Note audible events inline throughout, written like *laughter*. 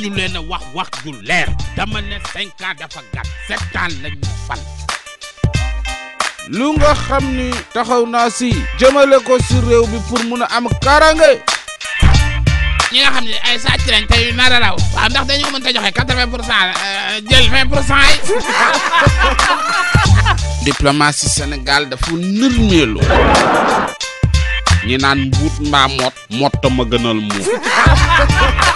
dañu leen wax wax ju leer dama ne cinq ans dafa lu nga xam ni taxaw naa si jëmale ko si réew bi pour mun a am karange ñi nga xam ne ay sàcc lañ tey nar a raw waaw ndax dañu mën joxe euh, yi *laughs* diplomatie Sénégal dafa nërmeelu ñi naan mbuut mbaa mot mot ma gënal muut *laughs*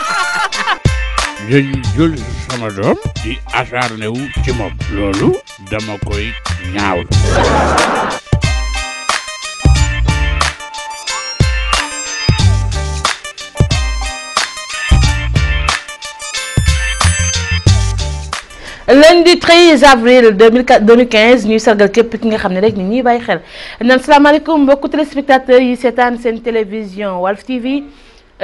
dañuy jël sama doom di acharné wu ci moom loolu dama koy ñaawlu lundi 13 avril 2015 ñuy sargal képp ki nga xam ne rek ni ñuy bàyyi xel naan salaamaaleykum mbokku téléspectateurs yi seetaan seen télévision Walf TV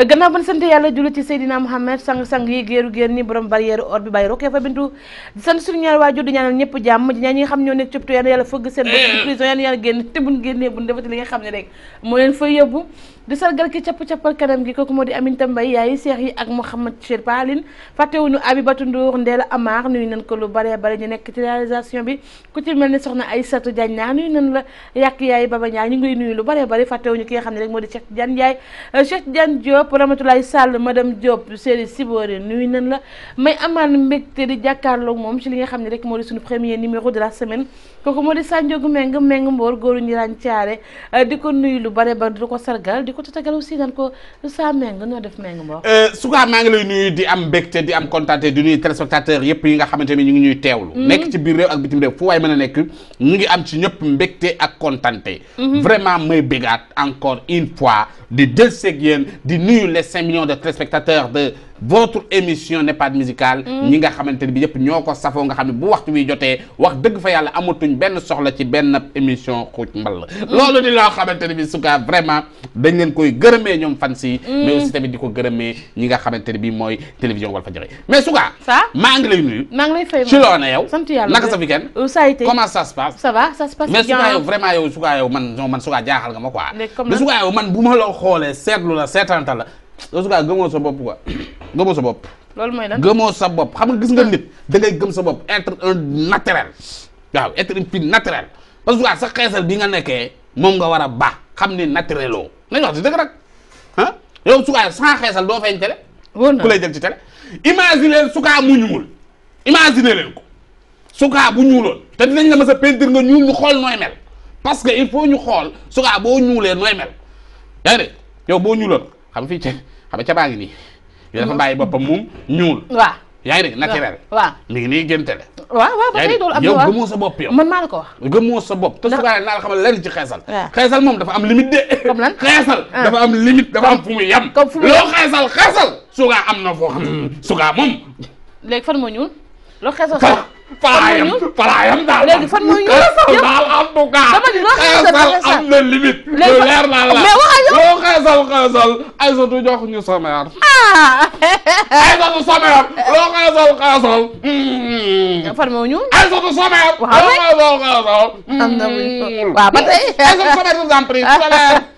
gannaaw ban sant yàlla julli ci Seydina Mouhamed sang-sang yi géeru géer ni borom barrière or bi bàyyi rokkee fa bintu di sant suñu ñaari waajur di ñaanal ñëpp jàmm di ñaan xam ñoo nekk coptu yàlla yàlla fëgg seen bopp prison yàlla yàlla génn te buñ génnee buñ defati li nga xam ne rek moo leen fay yóbbu di sargal ki capp cappal kanam gi kooku moo di Aminta Mbaye yaayi seex yi ak Mouhamad Cheikh Palin fàttewuñu Abibatou Ndour Ndella Amar nuyu nañ ko lu bare bare ñu nekk ci réalisation bi ku ci mel ni soxna Aïssatou Diagne naa nuyu nañ la yàq yaay Baba Ndiaye ñu ngi nuyu lu bare bare fàttewuñu ki nga xam ne rek moo di Cheikh Diagne Ndiaye euh, Cheikh Diagne Diop Ramatoulaye Sall madame Diop Séri la may amaan mbégte di jàkkaarloog moom ci li nga xam ne rek moo di suñu premier numéro de la semaine kooku moo di Sanjogu Meng Meng Mboor góoru ñiraan caare eh, di ko nuyu lu bare ba di ko sargal di ko tatagal aussi nan ko saa Meng noo def Meng Mboor eh, sukaa maa ngi lay nuyu di am mbégte di am contenté di nuyu téléspectateurs yëpp yi nga xamante ni ñu ngi ñuy teewlu mm-hmm. nekk ci biir réew ak bitim réew fu waay mën a nekk ñu ngi am ci ñëpp mbégte ak contenté mm-hmm. vraiment may bégaat encore une fois di jël seeg yéen di nuy les cinq millions de téléspectateurs de votre émission NEPAD musicale mm. ñi nga xamante ne bi yëpp ñoo ko safoo nga xam ne bu waxtu wi jotee wax dëgg fa yàlla amatuñ benn soxla ci benn émission xuuc mbal mm. loolu di loo xamante ne bi suka vraiment dañ leen koy gërëmee ñoom fan si mm. mais aussi tamit di ko gërëmee ñi nga xamante ne bi mooy télévision Walfadjri mais suka maa ngi lay nuyu maa ngi lay fay ci loo na yow sant yàlla naka sa weekend euh, ça a été comment ça se passe ça va ça se vraiment yow suka yow man man suka jaaxal nga ma quoi mais suka yow man bu la xoolee seetlu la la yow suka gëmoo sa bopp quoi nga gëmoo sa bopp. loolu mooy lan gëmoo sa bopp xam nga gis nga hmm. nit da ngay gëm sa bopp être un naturel waaw être une fille naturelle parce que sa xeesal bi nga nekkee moom nga war a baax xam ne naturel oo nañu wax si dëgg rek ah yow su kaa sans xeesal doo feeñ télé. ku lay jël ci télé. imagine leen su kaa mu ñuul ko su bu ñuuloon te dinañ la mës a peinture nga ñuul ñu xool nooy mel parce que il faut ñu xool su kaa boo ñuulee nooy mel yaa yow boo ñuuloon xam fii ca xam ca baa ngi nii. yooyu dafa bàyyi boppam moom ñuul waaw yaa ngi dégg naturel waaw mi ngi nii géntele waaw waaw ba tey loolu am yow gëmoo sa bopp yow man maa ko wax gëmoo sa bopp te subaane naa la xamal lenn ci xeesal xeesal moom dafa am limite de comme lan xeesal ah. dafa am limite dafa am fu muy yem comme loo xeesal xeesal sugaa am na foo xam hmm. sugaa moom léegi fan moo ñuul loo xeesal palaayam palaayam daal léegi fan mooy ñu xeesal daal en tout cas xeesal am na limite lu leer naa la loo xeesal xeesal Aysatu jox ñu someer Aysatu ah. someer loo xeesal xeesal mm. fan moo ñu Aysatu someer loo xeesal xeesal am na mm. waaw ba tey Aysatu *laughs*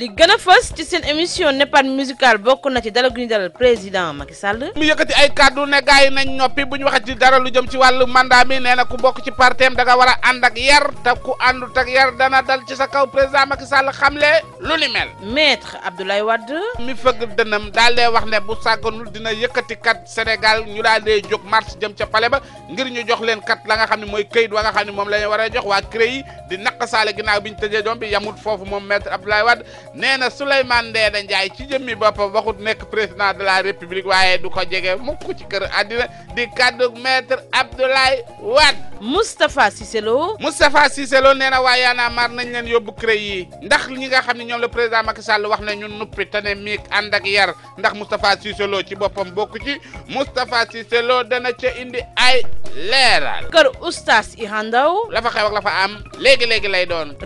li gën a fës ci seen émission Nepad musical bokk na ci dalal gu ñu dalal président Macky Sall. mu yëkkati ay kàddu ne gars yi nañ ñoppi bu ñu waxee ci dara lu jëm ci wàllu mandat mi nee ku bokk ci parteem da nga war a ànd ak yar te ku àndu ak yar dana dal ci sa kaw président Macky Sall xamle lu ni mel. maître Abdoulaye Wade. mi fëgg dënam daal dee wax ne bu sàgganul dina yëkkati kat Sénégal ñu daal dee jóg marche jëm ca pale ba ngir ñu jox leen kat la nga xam ne mooy këyit wa nga xam moom la war a jox waa CREI naq saale ginnaaw bi ñu tëjee doom bi yamut foofu moom maître Abdoulaye Wade nee na Souleymane Ndeena Ndiaye ci jëmmi boppam waxut nekk président de la république waaye du ko jege mukk ci kër àddina di kàddug maître Abdoulaye Wade. Moustapha Cissé Lo. Moustapha Cissé Lo nee na waa Y'en nañ leen yóbbu CREI yi ndax ñi nga xam ne ñoom la président Macky Sall wax ne ñun nuppi te ne miig ànd ak yar ndax Moustapha Cissé ci boppam bokk ci Moustapha Cissé Lo dana ca indi ay leeral. kër oustaz Iran Ndao. la fa xew ak la fa am léegi léegi lay doon.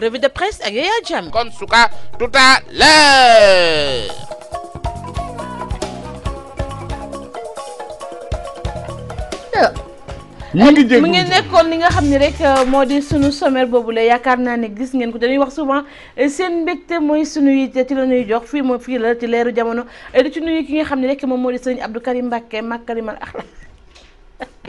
à l'heure. ñu ngi jégalu mu ngi nekkoon li nga xam ni rek euh, moo di sunu sommaire boobu la yaakaar naa ne gis ngeen ko dañuy wax souvent euh, seen mbégte mooy sunu yitte ci la ñuy jox fii moo fii la ci leeru jamono euh, di ci nuyu ki nga xam ne rek moom moo di sëñ Abdou Karim Mbacke Makarimal Akhlaq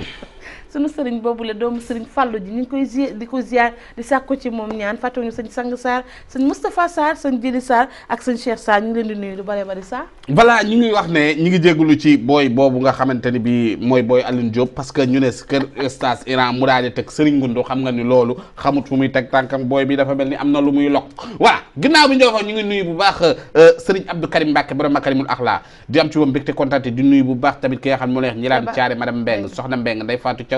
*laughs* sunu sëriñ boobu la doomu sëriñ fàllu ñu ngi koy zi di ko ziar di sàkku ci moom ñaan fàttewuñu sëñ sang Sarr sëñ Moustapha Sarr sëñ Jili Sarr ak sëñ Cheikh Sarr ñu ngi wax ne ñu ngi jégalu ci booy boobu nga xamante ni bi mooy booy Aline Diop parce que ñu ne kër stage Iran mu daal di teg sëriñ Ngundo xam nga ni loolu xamut fu muy teg tànkam booy bi dafa mel ni am na lu muy lokk voilà ginnaaw bi ñu wax ñu ngi nuyu bu baax euh, sëriñ Abdou Karim Mbacke borom Makarimul Axlaa di am ci moom mbégte kontaan di nuyu bu baax tamit ki nga moo neex ñi laan caare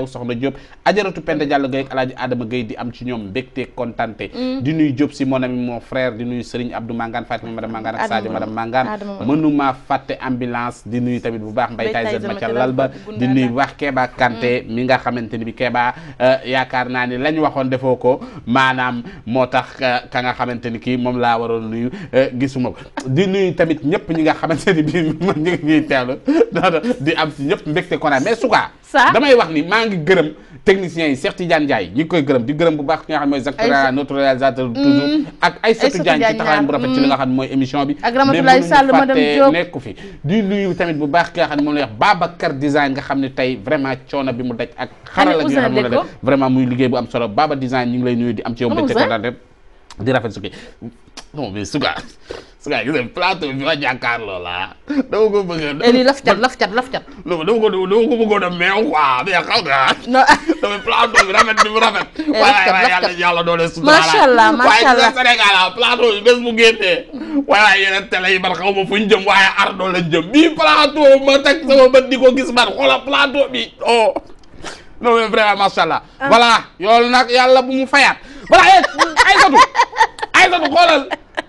soxna Diop ajaratu Penda mm. Diallo Gueye ak alaaji Adama Gueye di am ci ñoom mbégte kontaante mm. di nuy Diop si mon ami moo frère di nuy Serigne Abdou Mangane Fatima madame Mangane ak Sadio madame Mangane mënuma fàtte ambulance di nuy tamit bu baax Mbaye Taï ma ca lal ba di nuy bu baax Keba Kanté mm. mi nga xamante ni bi Keba euh, yaakaar naa ni lañ waxoon defoo ko maanaam moo tax euh, ka nga xamante ni kii moom laa waroon nuyu euh, gisuma ko di nuy tamit ñëpp ñi nga xamante ni bi *laughs* ñi ngi ñuy teewlu *laughs* di am si ñëpp mbégte kontaan mais sukaa ça damay wax ni maa ngi gërëm techniciens yi Cheikh Tidiane ñi ngi koy gërëm di gërëm bu baax ki nga xam mooy Zakaria notre réalisateur toujours mm. ak Aïssatou Diagne ci taxawaayam bu ah, rafet ci mm. nga xam mooy émission bi ak Ramatoulaye Sall madame Diop nekku fi di nuyu tamit bu baax ki nga xam ne moom lay wax Babacar design nga xam ne tey vraiment coono bi mu daj ak xarala gi nga xam ne la vraiment muy liggéey bu am solo Baba design ñu ngi lay nuyu di am ci yow mbégte kontaan di rafet su ki su nga gisee plateau bi ma jàkkaarloo la dama ko bëgg a. lii laf cat laf cat laf cat. non dama ko dama ko bëggoon a meew bi rafet bi mu rafet. laf cat laf cat yàlla doole su. macha allah macha allah waaye Sénégal ah plateau bi bés bu génnee. waaye yeneen télé yi man xaw ma fu ñu ma teg ko gis man xoolal plateau bi oh. non mais vraiment macha allah. voilà yoolu nag yàlla bu mu fayaat voilà eh, ay eh, satu Aïssatou xoolal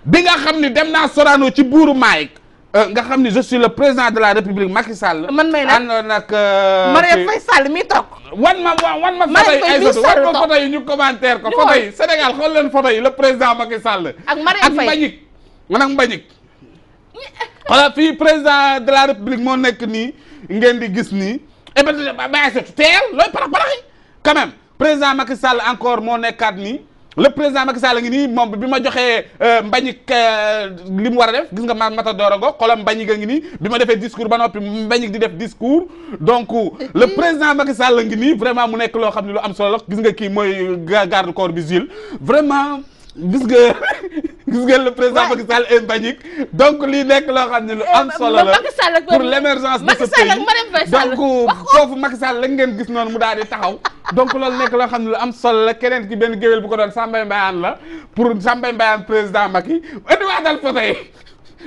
bi nga xam ni dem naa Sorano ci buuru Maïk euh, nga xam ni je suis le président de la république Macky Sall. man may nag àndoon ak. Euh, Marième Faye Sall mi toog. wan ma wan ma photo yi Aïssatou ma photo yi ñu commentaire Sénégal xool leen le président Macky Sall. ak Marième Faye ak Mbagnick man ak Mbagnick. xoolal président de la république moo nekk nii ngeen di gis nii. et eh puis ba Aïssatou teel looy parax paraxi quand même président Macky Sall encore moo nekkaat nii. le président Macky Sall ngi nii moom bi ma joxee euh, mbañik euh, li mu war a def gis nga ma Matador a ngo xolam mbañik a ngi nii bi ma defee discours ba noppi mbañik di def discours donc le président Macky Sall ngi nii vraiment mu nekk loo xam ne lu am solo la gis nga kii mooy garde corps bi Jules vraiment gis nga *laughs* gis nga le président Macky Sall et Mbagnick donc nekk loo xam ne lu am eh, solo la pour l'émergence de ce pays donc foofu Macky Sall la ngeen gis noonu mu daal di taxaw donc loolu nekk la xam am solo la keneen ki benn géwél bu ko doon Sambay Mbayaan la pour Sambay Mbayaan président Macky indiwaatal photo yi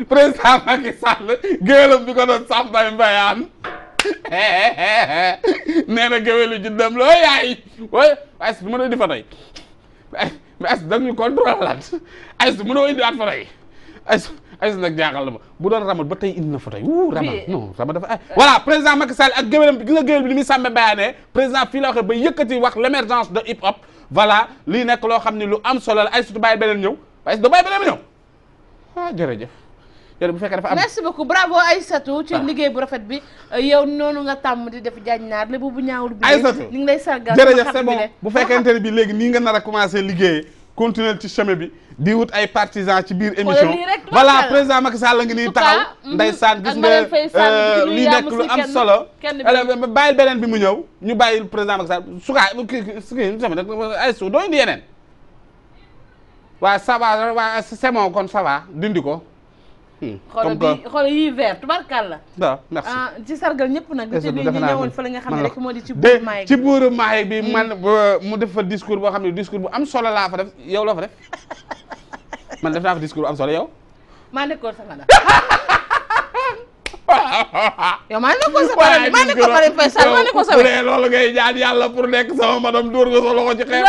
président Macky Sall géwélam bi ko doon Sambay Mbayaan *laughs* nee géwélu juddam la ooy yaay ooy as du mën a indi photo yi as dag ñu contrôle laat as du mën a indi waat photo yi Aziz nag jaaxal la ma bu doon rama ba tey indi na fa tey wuu rama non rama dafa ay ah. voilà président Macky Sall ak géwél bi ni muy sàmbe président fii la wax nekk loo xam ne lu am solo la ay surtout beneen ñëw waaye da bàyyi beneen bi ñëw ah jërëjëf bu ah. liggéey bu rafet bi euh, yow noonu nga tàmm di def jàññaar lépp bu ñaawul bi Aïssatou ñu ngi lay sargal jërëjëf c'est bon ne bi léegi nii nga nar a commencé liggéey continuer ci chemin bi di wut ay partisans ci biir émission wala président Macky Sall la ngi nii taxaw mm-hmm, ndeysaan gis nga euh, lii nekk lu am solo bàyyil beneen bi mu ñëw ñu bàyyil président Macky Sall sukaa kii sama nag ay su dooñu di yeneen waa ça va waaw c'est kon ça va dindi ko xoolal bi xoolal yii vert tubarkàlla waaw merci ci ah, sargal ñëpp nag di ci nuyu ñu ñëwoon fa la nga xam ne rek moo di ci buuru Mahe bi man mm. mu def fa discours boo xam ne discours bu am solo laa fa def yow fa def man def naa fa discours maa nekkoon sama la *laughs* yow maa nekk ko sama ma maa nekk ko Marème Faye Sall maa nekk ko sama loolu ngay ñaan yàlla pour nekk sama madame Dóor nga sa loxo ci xeex.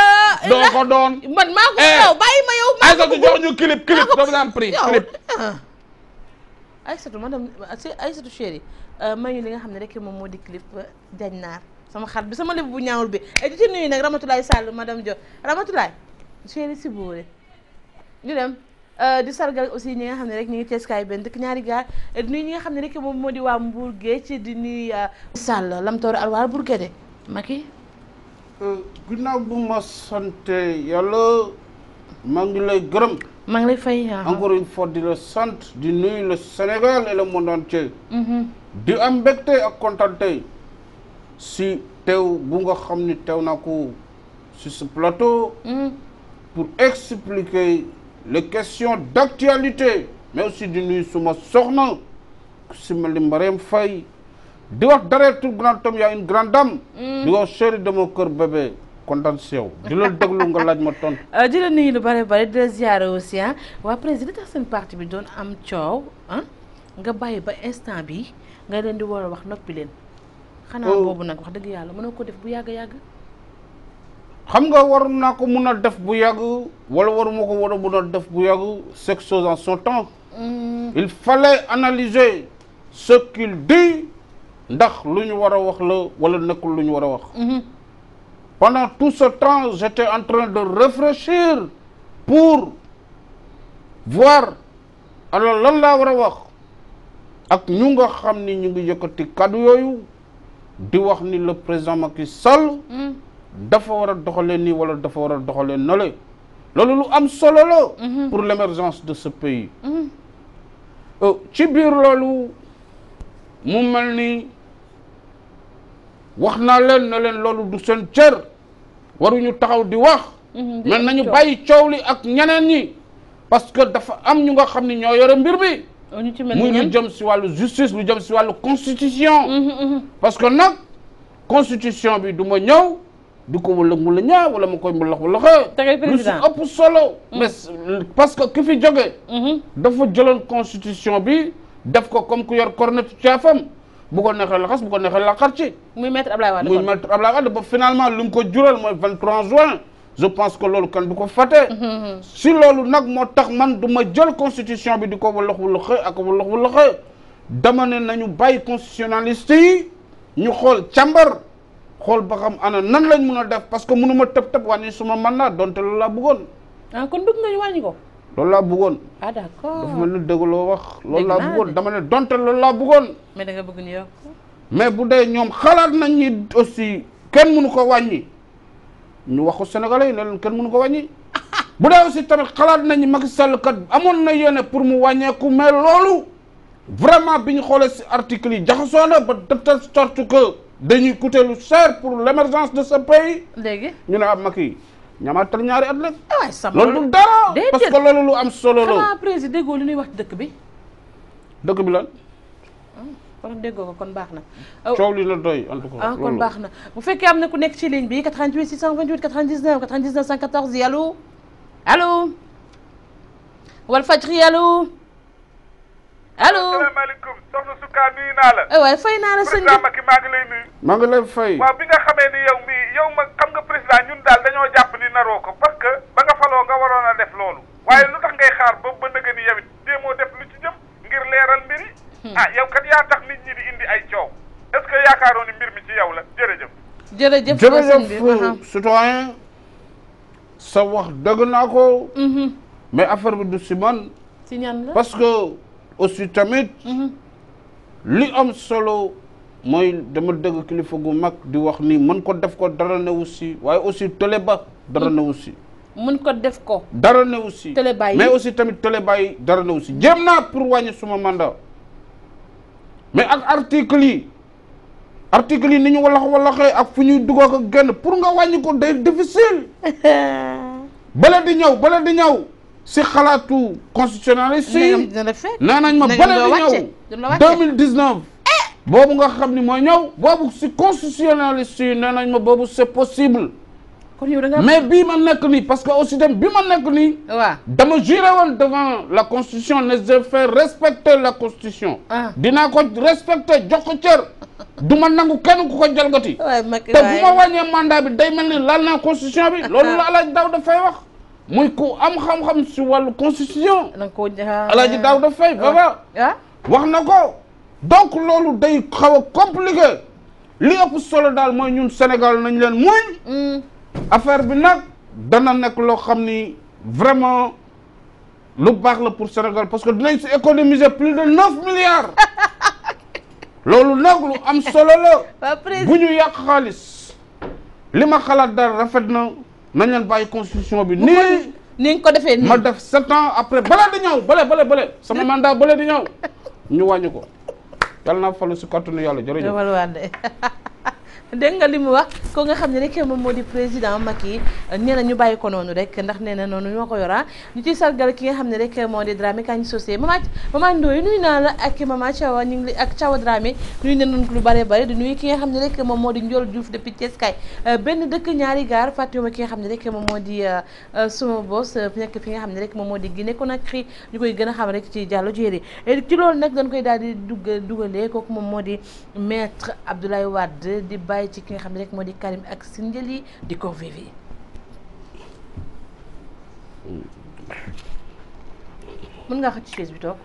doo ko doon man maa ko daw eh. bàyyi ma yow. maa ko bëgg a jox ñu clip clip doo am prix clip. Ah. Aïssatou madame ay Aïssatou chéri euh, may ñu li nga xam ne rek moom moo di clip jañ euh, naar sama xar bi sama lépp bu ñaawul bi et di ci nuyu nag Ramatulaay Sall madame Dio Ramatulaay chéri si boore ñu dem euh, di sargal aussi ñi nga xam ne rek ñu ngi teeskaay benn dëkk ñaari gaar ñi nga xam ne rek moom moo di waa Mbour ci di nuyu Sall lamtoor alwaar Bourgué de Macky ginnaaw bu ma sante yàlla maa ngi lay gërëm maa ngi lay fay encore une fois di la sant di nuyu le Sénégal et le monde entier. Mm-hmm. di am mbégte ak si teew bu nga xam ni tew na ko sur ce plateau. Mm-hmm. pour expliquer les questions d'actualité mais aussi di nuyu suma soxna si mel ni Mariam Faye di wax derrière tout grand homme y une grande dame. Mm-hmm. di wax chérie de cœur bébé. kontaan si yow di la déglu nga laaj ma tontu. *laughs* Euh, di la nuyu lu bare bare di la ziare aussi ah. waa président tax seen parti bi doon am coow ah. nga bàyyi ba instant bi nga leen di war a wax noppi leen. xanaa oh. boobu nag wax dëgg yàlla mënoo ko def bu yàgg yàgg. xam nga waroon naa ko mun a def bu yàgg wala waruma ko war a mun a def bu yàgg chaque chose en son temps. Mm. il fallait analyser ce qu'il ndax lu ñu war a wax la wala nekkul lu ñu war a wax. Mm-hmm. Pendant tout ce temps, j'étais en train de réfléchir pour voir alors lan laa war a wax ak ñu nga xam ni ñu ngi yëkkati kàddu yooyu di wax ni le président Macky Sall. Hmm. dafa war a doxalee nii wala dafa war a doxalee nale loolu lu am solo la. Hmm. pour l'émergence de ce pays. Hmm. Euh, ci biir loolu mu mal ni wax naa leen na leen loolu du sen cër. waruñu taxaw di wax mhm, man nañu bàyyi coow li ak ñeneen ñi parce que dafa am ñu nga xam ne ñoo yore mbir bi oh, muy lu jëm si wàllu justice lu jam si wàllu constitution mhm, mhm. parce que nag constitution bi du ma ñëw di ko wala mu ñaa wala ma koy mbalax mbalax lu si ëpp solo mais parce que ki fi dafa jëloon constitution bi def ko comme ku yor cornet caafam bu ko neexee la xas bu ko neexee la xar ci. muy maître Ablaye Wade muy maître Ablaye Wade ko jural mooy 23 juin. je pense ko loolu kan bu ko fàtte. Mhm, mhm. si loolu nag moo tax man du ma jël constitution bi di ko walax walaxee ak walax walaxee dama na ñu bàyyi constitutionnaliste yi ñu xool càmbar xool ba xam ana nan lañ mun a def parce que mënu ma tëb tëb wàññi suma mandat donte loolu laa bëggoon. ah kon bëgg nga ñu wàññi ko. loolu laa bëggoon. ah d'accord dafa wax. loolu laa bëggoon dama ne donte loolu laa bëggoon. mais da nga bëgg ñu mais bu dee ñoom xalaat nañ ni aussi kenn mënu ko wàññi ñu wax ko Sénégalais yi ne leen kenn mënu ko wàññi. *laughs* bu dee aussi tamit xalaat nañ ni Macky Sall kat amoon na yéene pour mu wàññeeku mais loolu vraiment bi ñu xoolee si article yi jaxasoo na ba de telle sorte que dañuy coûter lu cher pour l' émergence de ce pays. léegi ñu ne ah Macky. ñamaatal ñaari at rek. waay sama loolu du dara. parce que loolu lu am solo la. xanaa président lu li ñuy wax dëkk bi. dëkk bi lan. Ah, kon déggoo ko kon baax na. coow oh. li la doy en tout cas. Ah, kon baax bu fekkee am na ku nekk ci ligne bi 88 628 99 99 114 allo. allo. Walfadjri allo. allo asalaamaaleykum soxna Souka nuyu naa la. Eh, waaye fay naa la sëñ bi président Macky maa ngi yow ma xam nga président ñun daal dañoo jàpp ni naroo ko parce que ba nga faloo nga waroon a def loolu waaye lu tax ngay xaar ba ba nëgë ni def lu ci jëm ngir leeral mbir yi hmm. ah yow kat yaa tax nit ñi indi ay coow est-ce que yaakaaroo ni mbir mi ci yow la jërëjëf jërëjëf jërëjëf euh, citoyen sa wax dëgg naa ko mm-hmm. mais affaire bi du si man parce que aussi tamit mm-hmm. li am solo mooy dama dëgg kilifa gu mag di wax ni mën ko def ko dara newu si waaye aussi télé ba dara mm. newu si mën ko def ko dara newu si télé ba yi mais aussi tamit télé ba dara newu si jéem naa pour wàññi suma mandat mais ak article yi article yi ni ñu walax walaxee ak fu ñuy duggoo ko génn pour nga wàññi ko day difficile *laughs* bala di ñëw bala di ñëw si xalaatu constitutionnaliste yi nee nañ ma bala di ñëw 2019 boobu nga xam ni mooy ñëw boobu si constitutionnaliste yi nee nañ ma boobu c'est possible. kon yow mais bii ma nekk nii parce que aussi tam bi ma nekk nii. waaw dama juré woon devant la constitution ne je fais respecter la constitution. Ah. dinaa ko respecter jox ko cër. du ma nangu kenn ku ko jalgati. te bu ma wàññee mandat bi day mel ni laal naa constitution bi. loolu ah. la Alaaji Daouda Faye wax. muy ku am xam-xam si wàllu constitution. na nga koo Alaaji Daouda Faye. Ah. wax na ko. donc loolu day xaw a compliqué li ëpp solo daal mooy ñun Sénégal nañ leen muñ mm. affaire bi nag dana nekk loo xam ni vraiment lu baax la pour Sénégal parce que dinañ si économiser plus de neuf milliards *laughs* loolu nag lu am solo la bu ñu yàq xaalis li ma xalaat daal rafet na nañ leen bàyyi constitution bi nii ni nga ko defee nii ma def sept ans après bale di ñëw bale bale bale sama *laughs* mandat bale di ñëw ñu wàññi ko yàlla naa falu si kàttanu yàlla jërëjëf *laughs* dégg nga li mu wax ko nga xam ne rek moom moo di président mag yi nee ñu bàyyi ko noonu rek ndax nee na noonu ñoo ko yora ñu ciy sargal ki nga xam ne rek moo di Dramé Kandji Socé mama mama Ndoye nuyu ñu ngi noonu lu bare bare di nuyu ki nga xam ne rek moom moo di Ndiol Diouf depuis Thiès kay euh, benn dëkk ñaari gaar fàttewuma ki nga xam ne rek moom moo di euh, euh, suma boss nekk fi nga xam ne rek moom moo di Guinée Conakry ñu koy gën a xam rek ci jàllo jéeri ci loolu nag dañ koy daal di dugg dugalee kooku moom moo di maître Abdoulaye Wade di bàyyi ci ki nga xam ne rek moo di Karim ak Sindiély di ko vivi mën nga xëcc chaise bi toog.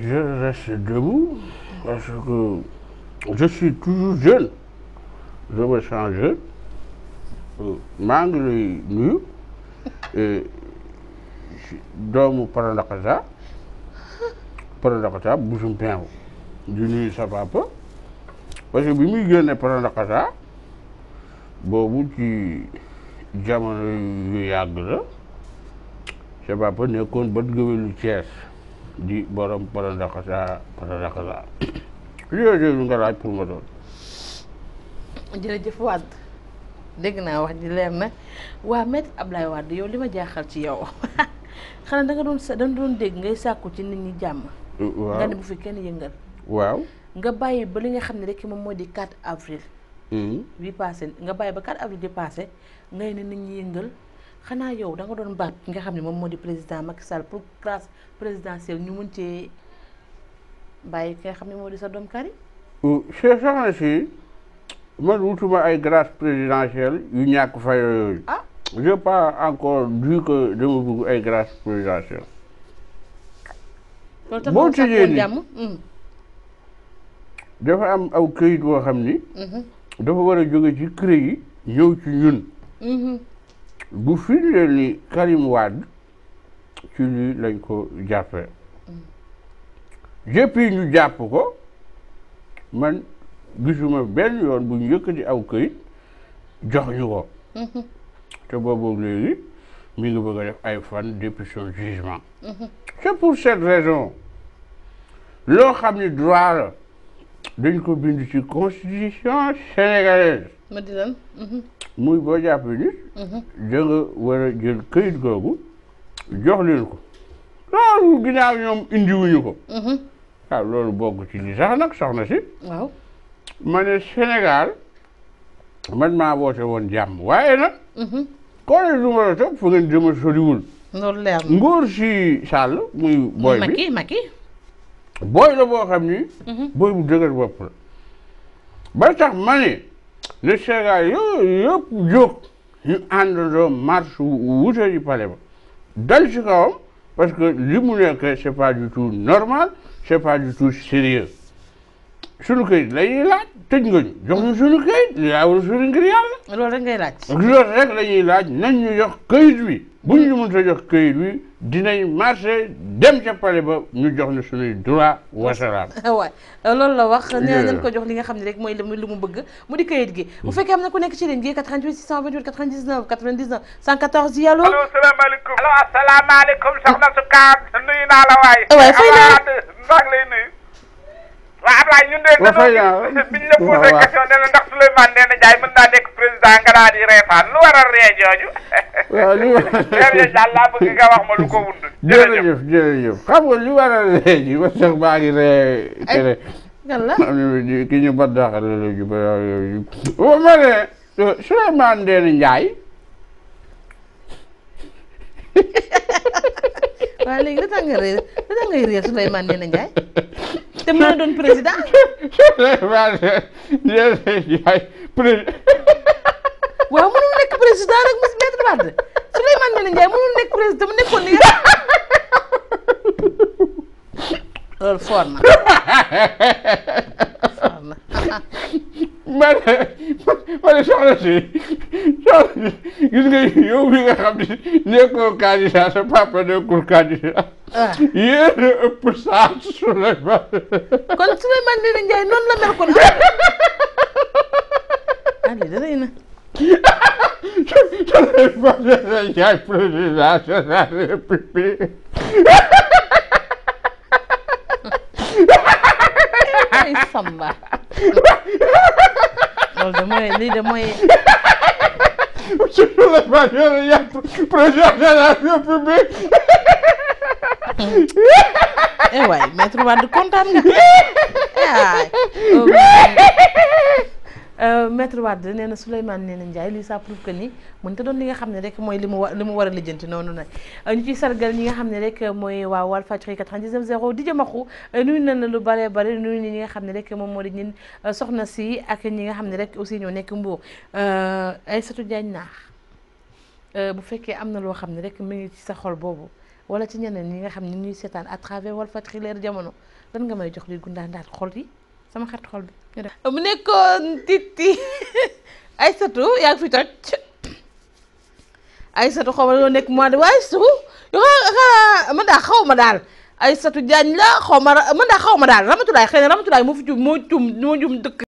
je reste debout parce que je suis toujours jeune je me sens jeune euh, maa ngi lay nuyu euh, doomu Paradakasa Paradakasa busum penku di nuyu sa papa parce que bi muy génne Paradakasa boobu ci. jamono yu yàgg la sa papa nekkoon bët gëwélu Cees di borom parandaxasa parandaxasa *coughs* yooyu lu nga laaj pour ma doon jërëjëf Wade dégg naa wax ji leer na waa maître Ablaye Wade yow li ma jaaxal ci yow *laughs* xanaa da nga doon sa da doon dégg ngay sàkku ci nit ñi jàmm. nga ne bu fi kenn yëngal. waaw nga bàyyi ba li nga xam ne rek moom moo di 4 avril. Hmm. bi passé nga bàyyi ba 4 avril bi passé ngay ne nit ñi yëngal xanaa yow da doon baat ki nga xam ne moom moo di président Macky Sall pour classe présidentielle ñu mën cee bàyyi ki nga xam ne moo di sa doom Karim. Hmm. Cheikh soxna si man wutuma ay grâce présidentielle yu ñàkk fay yooyu. ah j'ai pas encore vu que dama bëgg ay grâce présidentielle. boo tëjee ni hmm. dafa am aw këyit boo xam ni. Mhm. dafa war a jóge ci cré yi ñëw ci ñun mm-hmm. bu firndee ni Karim Wade ci lii lañ ko jàppee jëppi mm-hmm. ñu jàpp ko man gisuma benn yoon bu ñu yëkkati aw këyit jox ñu ko mm-hmm. te boobu léegi mi ngi bëgg a def ay depuis son jugement c'est pour cette raison loo xam ni droit dañ ko bind ci constitution sénégalaise. ma di lan. Mhm. muy boo jàppee nit. Mhm. da nga jël këyit googu jox leen ko. loolu ginnaaw ñoom indiwuñu ko. waaw mhm. ah, loolu bokk ci li sax nag soxna si. waaw ma ne Sénégal man maa woote woon jàmm waaye na koo ne du ma la topp fu ngeen jëm a soriwul. loolu leer si Sall muy. booy bi Macky booy la boo xam ni. Mhm. booy bu dëgër bopp la. ba tax ma ne ne Sénégal yo yëpp jóg ñu àndandoo marche ji pale ba dal ci kawam parce que li mu nekk c'est pas du tout normal c'est pas du tout sérieux suñu këyit la ñuy laaj tëj nga ñu jox ñu suñu këyit li laa war a suñu ngir yàlla. loolu rek laaj. loolu rek la ñuy laaj nañ ñu jox bu ñu mënut a jox këyit bi dinañ marché dem ca palais ba nu jox ne suñuy droit wasalaam. waay *laughs* euh, loolu la wax. nee nañ ko jox li nga xam ne rek mooy lu mu bëgg mu di këyit gi. Mm. bu fekk am na ku nekk ci ligne gi 88 628 99 99 114 allo. allo salaamaaleykum. allo asalaamaaleykum soxna su kaam. nuyu naa la waay. waay fay naa maa ngi lay nuyu. waaw Ablaye ñun de. waaw fay naa waaw biñ la posé nekk président nga daal di lu waral ree jooju. waaw li war a jërëjëf wax ma lu ko wund. jërëjëf jërëjëf xam nga li war a ji man sax maa ay gan la ki la léegi ba yooyu. waaw ma ne Souleymane Ndéné Ndiaye. *laughs* waaw léegi da nga ree da ngay ree Souleymane *laughs* te mën doon *laughs* président. waaw mënul nekk président rek monsieur Maître Wade Souleymane Ndéné Ndiaye mënul nekk président mu nekkoon ni nga. *laughs* loolu foor na *laughs* na. ma ne ma ne soxna si soxna si gis nga yow nga xam ne nekkoo sa papa nekkul candidat. ah yéen a ëpp saa Souleymane. kon Souleymane Ndéné Ndiaye la mel kon. ah *laughs* lii dara na. Souleymane Ndéné Ndiaye président de la *laughs* République. ay Samba. loolu de mooy lii de mooy. surtout les manières de yàqu projet de la République. eh waay maître Wade kontaan nga. *laughs* Oh, Euh, maître Wade nee na Souleymane nee na Ndiaye lii ça prouve que ni mën ta doon li nga xam ne rek mooy li mu wa li war a lijjanti noonu nag euh, ñu ci sargal ñi nga xam ne rek mooy waa Walfadjri 99 0 di jëmaxu nuyu na la lu bare bare nuyu nii ñi nga xam ne rek moom moo di ñin euh, soxna si ak ñi nga xam ne rek aussi ñoo nekk ay satu Diagne naax bu fekkee am na loo xam ne rek mu ngi ci sa xol boobu wala ci ñeneen ñi nga xam ne ñuy seetaan à travers Walfadjri leer jamono lan nga may jox li gundaa xol yi sama xet xol bi mu nekkoon Titi Aysatu *laughs* yaa ngi fi toj Aysatu xaw ma yoo nekk mois de waaye su yow xanaa man daa xaw ma daal ay satu Jaañ la xaw ma man daa xaw ma daal Ramatulaay xëy na Ramatulaay moo fi jum moo jum moo jum dëkk